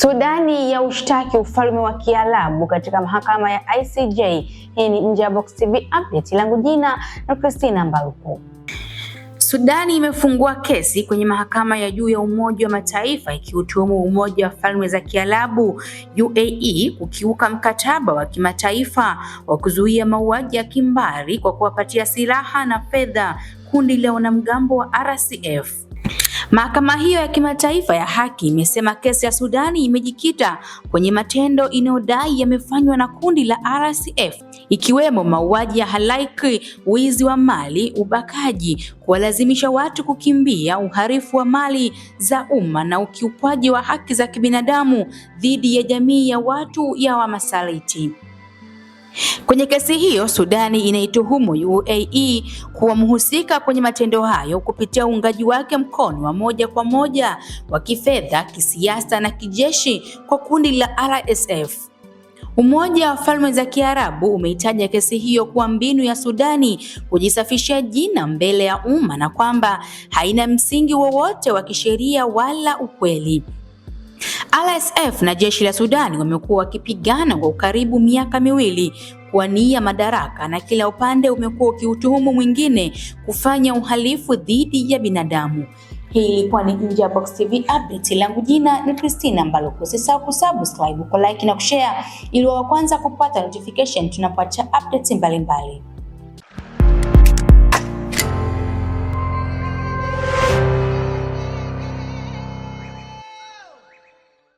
Sudani ya ushtaki ufalme wa Kiarabu katika mahakama ya ICJ. Hii ni Nje ya Box TV update, langu jina na Christina Mbaruku. Sudani imefungua kesi kwenye mahakama ya juu ya Umoja wa Mataifa ikiutuhumu Umoja wa Falme za Kiarabu UAE kukiuka mkataba wa kimataifa wa kuzuia mauaji ya kimbari kwa kuwapatia silaha na fedha kundi la wanamgambo wa RCF. Mahakama hiyo ya kimataifa ya haki imesema kesi ya Sudani imejikita kwenye matendo inayodai yamefanywa na kundi la RSF ikiwemo mauaji ya halaiki, wizi wa mali, ubakaji, kuwalazimisha watu kukimbia, uharifu wa mali za umma na ukiukwaji wa haki za kibinadamu dhidi ya jamii ya watu ya Wamasaliti. Kwenye kesi hiyo, Sudani inaituhumu UAE kuwa mhusika kwenye matendo hayo kupitia uungaji wake mkono wa moja kwa moja wa kifedha, kisiasa na kijeshi kwa kundi la RSF. Umoja wa Falme za Kiarabu umeitaja kesi hiyo kuwa mbinu ya Sudani kujisafishia jina mbele ya umma na kwamba haina msingi wowote wa kisheria wala ukweli. RSF na jeshi la Sudani wamekuwa wakipigana kwa ukaribu miaka miwili kuwania madaraka na kila upande umekuwa ukiutuhumu mwingine kufanya uhalifu dhidi ya binadamu. Hii ilikuwa ni Nje ya Box TV update, langu jina ni Christina Mbaluku. Usisahau kusubscribe, ku like na kushare ili wa kwanza kupata notification tunapoacha updates mbalimbali.